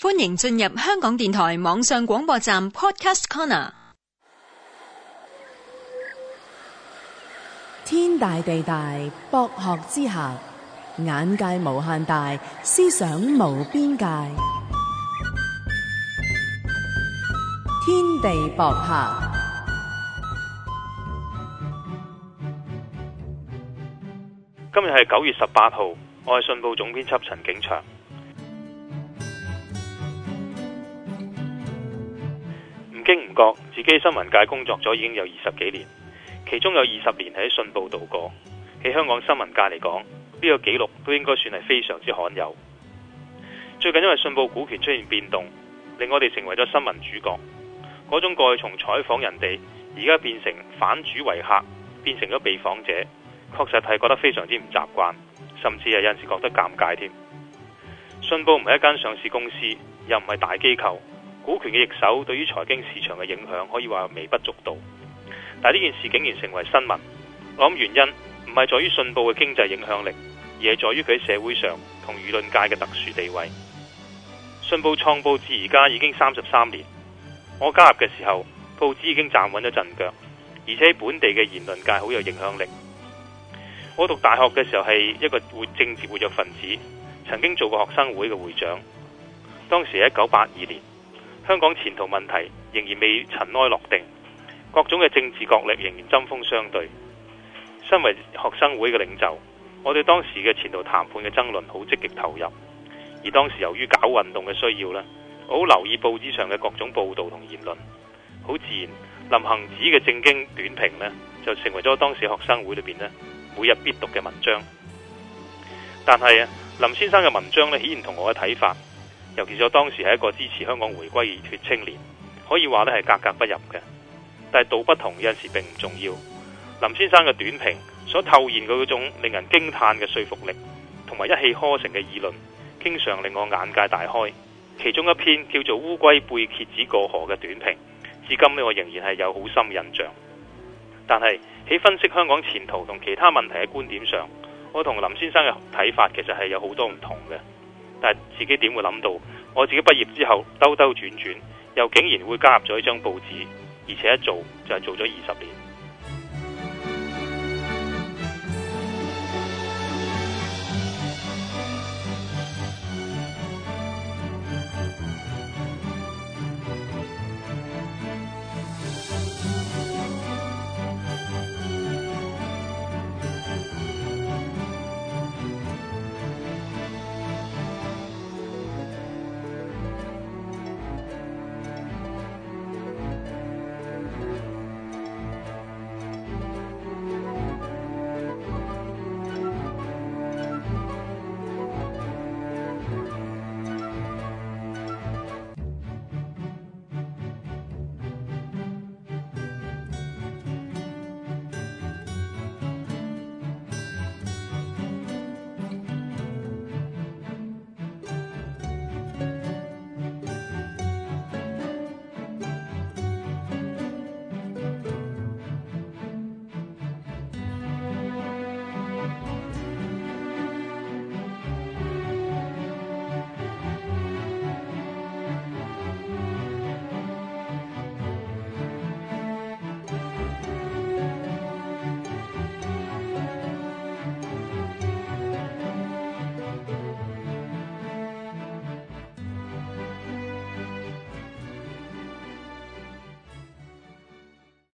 歡迎進入香港電台網上廣播站 Podcast Corner。天大地大，博學之下，眼界無限大，思想無邊界。天地博客。今日係九月十八號，我係信報總編輯陳景祥。經唔覺自己喺新聞界工作咗已經有二十幾年，其中有二十年係喺信報度過。喺香港新聞界嚟講，呢個紀錄都應該算係非常之罕有。最近因為信報股權出現變動，令我哋成為咗新聞主角。嗰種過去從採訪人哋，而家變成反主為客，變成咗被訪者，確實係覺得非常之唔習慣，甚至係有陣時覺得尷尬添。信報唔係一間上市公司，又唔係大機構。股權嘅逆手對於財經市場嘅影響可以話微不足道，但係呢件事竟然成為新聞，我諗原因唔係在於信報嘅經濟影響力，而係在於佢喺社會上同輿論界嘅特殊地位。信報創報至而家已經三十三年，我加入嘅時候，報紙已經站穩咗陣腳，而且喺本地嘅言論界好有影響力。我讀大學嘅時候係一個政治活躍分子，曾經做過學生會嘅會長，當時係一九八二年。香港前途問題仍然未塵埃落定，各種嘅政治角力仍然針鋒相對。身為學生會嘅領袖，我對當時嘅前途談判嘅爭論好積極投入，而當時由於搞運動嘅需要呢，我好留意報紙上嘅各種報道同言論，好自然，林行止嘅政經短評呢就成為咗當時學生會裏面每日必讀嘅文章。但係啊，林先生嘅文章呢，顯然同我嘅睇法。尤其是我當時係一個支持香港回歸熱血青年，可以話咧係格格不入嘅。但係道不同，有陣時並唔重要。林先生嘅短評所透現嘅嗰種令人驚嘆嘅說服力，同埋一氣呵成嘅議論，經常令我眼界大開。其中一篇叫做《烏龜背蠍子過河》嘅短評，至今呢，我仍然係有好深印象。但係喺分析香港前途同其他問題嘅觀點上，我同林先生嘅睇法其實係有好多唔同嘅。但自己點會諗到？我自己畢業之後兜兜轉轉，又竟然會加入咗呢張報紙，而且一做就係、是、做咗二十年。